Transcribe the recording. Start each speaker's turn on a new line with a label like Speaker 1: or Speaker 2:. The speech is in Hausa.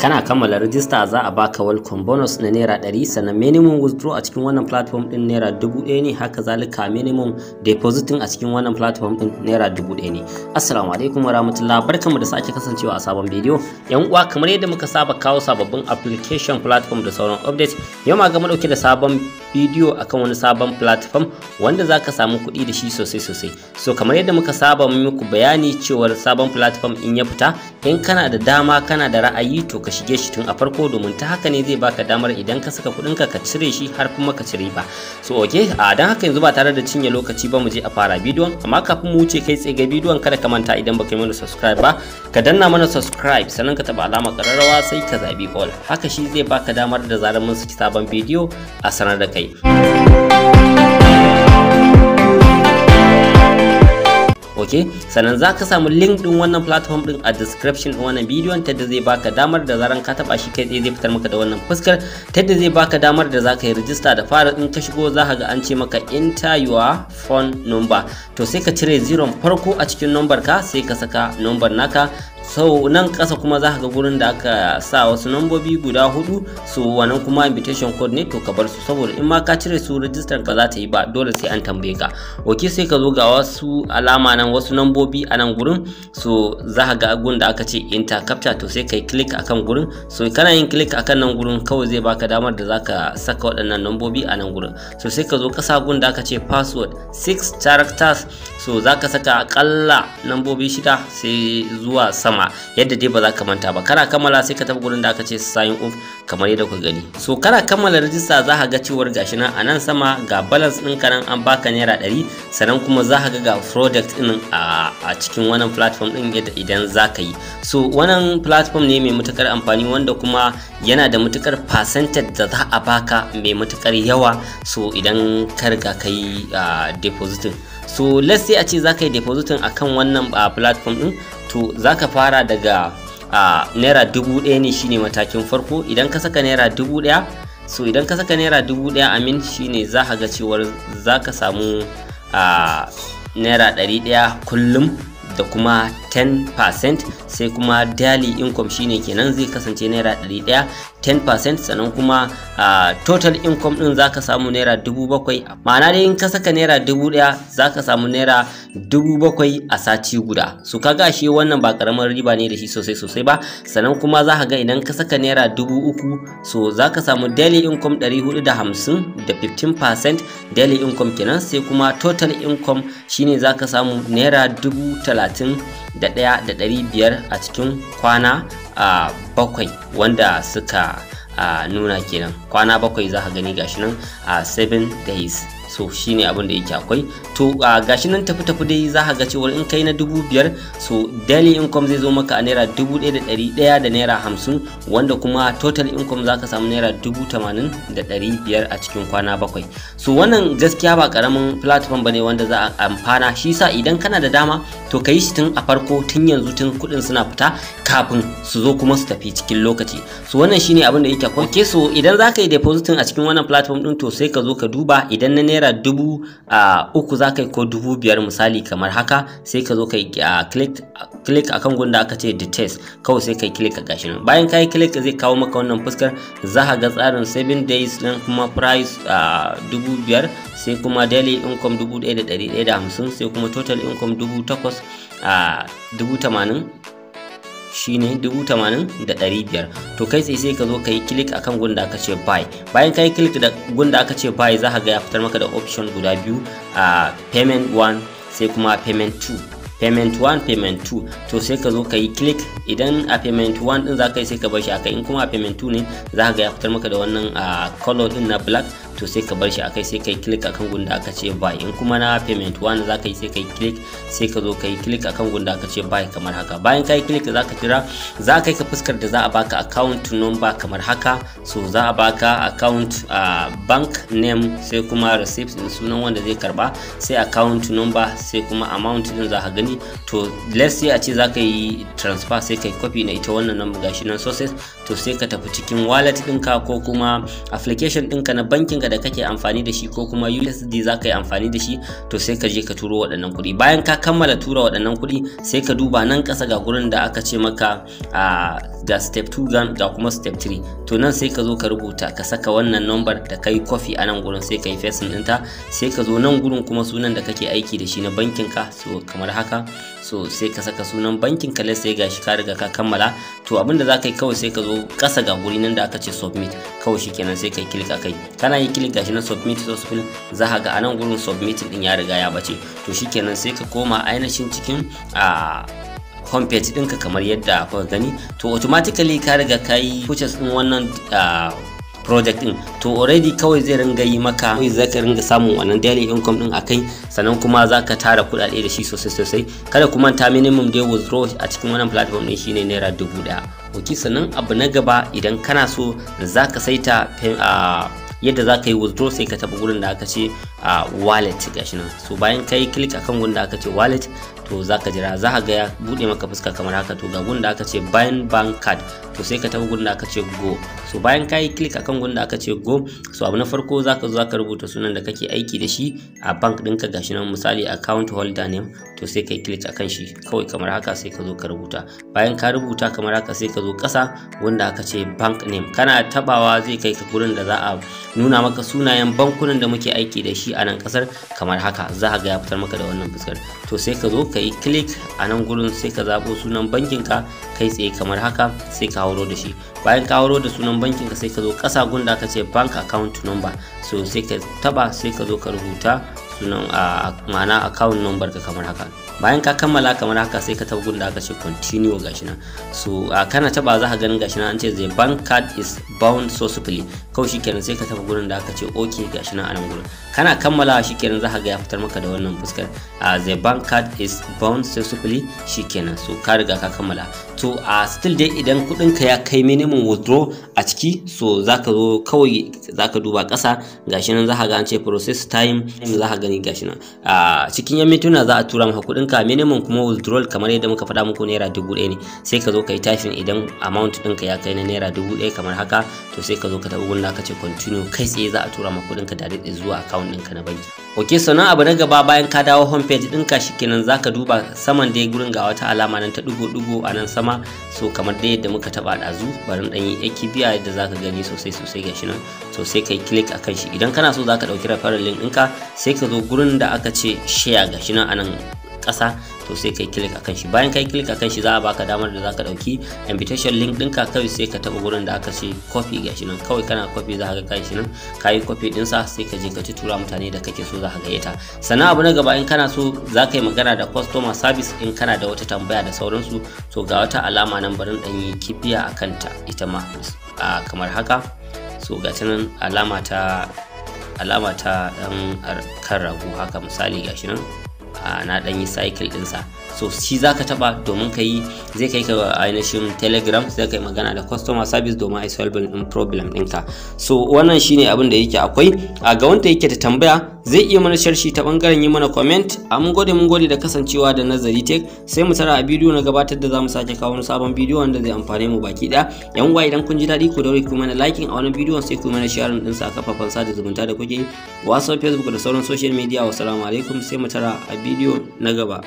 Speaker 1: kana kammala rajista za a baka welcome bonus na naira 100 sannan minimum withdraw a cikin wannan platform din naira 1000 ne haka zalika minimum depositing a cikin wannan platform din naira 1000 ne assalamu alaikum warahmatullahi barkamu da sake kasancewa a sabon bidiyo yan uwa kamar yadda muka saba kawo sababbin application platform da sauran update, yau ma ga mu dauke da sabon bidiyo akan wani sabon platform wanda za ka samu kuɗi da shi sosai sosai so kamar yadda muka saba muku bayani cewar sabon platform in ya fita in kana da dama kana da ra'ayi to ka shige shi tun a farko domin ta haka ne zai baka damar idan ka saka kuɗin ka cire shi har kuma ka cire ba so okay a dan haka yanzu ba tare da cinye lokaci ba mu je a fara bidiyon amma kafin mu wuce kai tsaye ga bidiyon kada ka manta idan baka yi mana subscribe ba ka danna mana subscribe sannan ka taba alama kararrawa sai ka zabi all haka shi zai baka damar da zarar mun saki sabon bidiyo a sanar da kai kai ok sannan za ka samu link ɗin wannan platform ɗin a description ɗin wannan bidiyon ta da zai baka damar da zaran ka taba shi kai tsaye zai fitar maka da wannan fuskar ta da zai baka damar da za ka yi rijista da fara in ka shigo za ka ga an ce maka enter your phone number to sai ka cire ziron farko a cikin number ka sai ka saka number naka so nan ƙasa kuma za ka ga gurin da aka sa wasu nambobi guda hudu su wannan kuma invitation code ne to ka bar su saboda in ma ka cire su rijistar ka za ta yi ba dole sai an tambaye ka oke sai ka zo ga wasu alama nan wasu nambobi a nan gurin so za ka ga gun da aka ce enter captcha to sai kai click akan gurin so kana yin click akan nan gurin kawai zai baka damar da zaka saka waɗannan nambobi a nan gurin so sai ka zo ƙasa gun da aka ce password six characters so za ka saka akalla nambobi shida sai zuwa 7 sama yadda dai ba za ka manta ba kana kammala sai ka tafi gurin da aka ce sign off kamar yadda ku gani so kana kammala rajista za ka ga cewar gashi nan a nan sama ga balance ɗinka nan an baka naira ɗari sannan kuma za ka ga ga product ɗin a cikin wannan platform ɗin yadda idan za ka yi so wannan platform ne mai matukar amfani wanda kuma yana da matukar percentage da za a baka mai matukar yawa so idan ka riga ka yi depositing so let's say a ce za ka yi depositing akan wannan platform ɗin to za ka fara daga a naira dubu ɗaya ne shine matakin farko idan ka saka naira dubu ɗaya so idan ka saka naira dubu ɗaya amin shine za ka ga cewar za ka samu a naira ɗari ɗaya kullum da kuma 10% sai kuma daily income shine kenan zai kasance naira ɗari ɗaya 10% sannan kuma uh, total income din zaka samu naira dubu ma'ana dai in ka saka naira dubu zaka samu naira dubu a sati guda su kaga shi wannan ba karamar riba ne da shi sosai sosai ba sannan kuma za ga idan ka saka naira dubu uku so zaka samu daily income ɗari hudu da hamsin da 15% daily income kenan sai kuma total income shine zaka samu naira dubu talatin da ɗaya da ɗari biyar a cikin kwana bakwai wanda suka nuna kenan kwana bakwai za ka gani gashi nan a 7 days so shine abin da yake akwai to gashi nan tafi tafi dai za ka ga cewa in kai na dubu biyar so daily income zai zo maka a naira dubu ɗaya da ɗari ɗaya da naira hamsin wanda kuma total income za ka samu naira dubu tamanin da ɗari biyar a cikin kwana bakwai so wannan gaskiya ba karamin platform bane wanda za a amfana shi sa idan kana da dama to ka yi shi tun a farko tun yanzu tun kuɗin suna fita kafin su zo kuma su tafi cikin lokaci so wannan shine abin da yake akwai okay so idan za ka yi depositing a cikin wannan platform ɗin to sai ka zo ka duba idan na naira naira dubu uku za ka yi ko dubu biyar misali kamar haka sai ka zo ka yi click kan gunda aka ce test kawai sai ka yi click a gashin bayan ka yi click zai kawo maka wannan fuskar za ga tsarin 7 days din kuma price dubu biyar sai kuma daily income dubu ɗaya da ɗari ɗaya da hamsin sai kuma total income dubu takwas dubu tamanin shine 80,500 to kai tsaye sai ka zo ka yi click akan gun da aka ce buy bayan ka yi click da gun da aka ce buy za ka ga ya fitar maka da option guda biyu a payment 1 sai kuma payment 2 payment 1 payment 2 to sai ka zo ka yi click idan a payment 1 din za ka yi sai ka bar shi akai in kuma a payment 2 ne za ka ga ya fitar maka da wannan color din na black to sai ka bar shi akai sai kai click akan gunda aka ce buy in kuma na payment wani zaka yi sai kai click sai ka zo kai click akan gunda aka ce buy kamar haka bayan kai click zaka kira za kai ka fuskar da za a baka account number kamar haka so za a baka account uh, bank name sai kuma receipt din sunan wanda zai karba sai account number sai kuma amount din za ka gani to let's say a ce za ka yi transfer sai kai copy na ita wannan number gashi nan sources to sai ka tafi cikin wallet ɗinka ko kuma application ɗinka na bankin ka da kake amfani da shi ko kuma USD za ka yi amfani da shi to sai ka je ka turo waɗannan kuɗi bayan ka kammala tura waɗannan kuɗi sai ka duba nan ƙasa ga gurin da aka ce maka ah, ga step 2 ga kuma step 3 to nan sai ka zo ka rubuta ka saka wannan number da kai coffee a nan gurin sai ka yi din ɗinta sai ka zo nan gurin kuma sunan da kake aiki da shi na bankin ka so kamar haka so sai ka saka sunan bankin ka sai ga shi ka riga ka kammala to abin da za ka yi kawai sai ka zo ƙasa ga guri nan da aka ce submit kawai shi kenan sai ka yi click akai kana yi click gashi na submit to submit za ka ga a nan gurin submit din ya riga ya bace to shikenan sai ka koma ainihin cikin a ah, homepage ɗinka kamar yadda kuka gani to automatically ka riga ka yi purchase ɗin wannan ah, project ɗin to already kawai zai ringa yi maka kawai zaka ringa samun wannan daily income din kai sannan kuma zaka tara kuɗaɗe da shi sosai sosai kada kuma ta minimum day withdraw a cikin wannan platform din shine naira dubu ɗaya ok sannan abu na gaba idan kana so zaka saita ah, yadda ka yi withdraw sai ka tafi gurin da aka ce a wallet gashi nan so bayan ka click akan gunda aka ce wallet to za jira za ga ya bude maka fuska kamar haka to ga gunda aka ce bayan bank card to sai ka tafi gunda aka ce go so bayan ka click akan gunda aka ce go so abu na farko zaka zo ka rubuta sunan da kake aiki da shi a bank ɗinka gashi nan misali account holder name to sai ka click akan shi kawai kamar haka sai ka zo ka rubuta bayan ka rubuta kamar haka sai ka zo ƙasa gunda aka ce bank name kana tabawa zai kai ka gurin da za a nuna maka sunayen bankunan da muke aiki da shi shi a nan kasar kamar haka za a ga ya fitar maka da wannan fuskar to sai ka zo ka yi click a nan gurin sai ka zaɓo sunan bankinka kai tsaye kamar haka sai ka hauro da shi bayan ka hauro da sunan bankin ka sai ka zo ƙasa gun da aka ce bank account number so sai ka taba sai ka zo ka rubuta sunan ma'ana account number ka kamar haka bayan ka kammala kamar haka sai ka tafi da aka ce continue gashi nan so a kana taba za ka ganin gashi nan an ce the bank card is bound so successfully kawai shikenan sai ka tafi gurin da aka ce okay gashi nan a gurin kana kammala shikenan za ka ga ya fitar maka da wannan fuskar the bank card is bound so successfully shikenan so ka riga ka kammala to a still dai idan kuɗinka ya kai minimum withdraw a ciki so zaka zo kawai zaka duba ƙasa gashi nan zaka ga process time zaka gani gashi nan a cikin yan mintuna za a tura maka kuɗinka minimum kuma withdrawal kamar yadda muka faɗa muku naira dubu ɗaya ne sai ka zo ka yi idan amount ɗinka ya kai na naira dubu ɗaya kamar haka to sai ka zo ka taɓa gunna ka ce continue kai tsaye za a tura maka kuɗinka da zuwa account ɗinka na banki ok sannan abu na gaba bayan ka dawo home page ɗinka shikenan zaka duba saman dai gurin ga wata alama nan ta dugo-dugo a nan sama dama so kamar dai yadda muka taba ɗazu barin dan yi yaki biya yadda zaka gani sosai sosai gashi nan so sai kai click akan shi idan kana so zaka ɗauki referral link ɗinka sai ka zo gurin da aka ce share gashi nan anan ƙasa to sai kai click akan shi bayan kai click akan shi za a baka damar da zaka dauki invitation link ka kawai sai ka taba gurin da aka ce copy gashi nan kawai kana copy za ka kai shi nan kayi copy din sa sai ka je ka ci tura mutane da kake so za ka gayyata sannan abu na gaba in kana so za ka yi magana da customer service in kana da wata tambaya da sauransu to ga wata alama nan barin dan yi kibiya akan ta ita ma kamar haka so ga nan alama ta alama ta dan kan rago haka misali gashi nan Ah, na ɗan yi cycle ɗinsa so shi za ka taɓa domin ka yi zai kai ka ainihin telegram zai kai kai magana da customer service domin a solving din problem ɗinka so wannan shine abin da yake akwai a ga wanda yake da tambaya zai iya mana sharshi ta bangaren yi mana comment a mun gode mun gode da kasancewa da nazari tech sai mu tara a bidiyo na gabatar da zamu sake kawo wani sabon bidiyo wanda zai amfane mu baki daya yan uwa idan kun ji daɗi ku daure ku mana liking a wannan bidiyon sai ku mana share din sa a kafafen sada zumunta da kuke whatsapp facebook da sauran social media wassalamu alaikum sai mu tara a bidiyo na gaba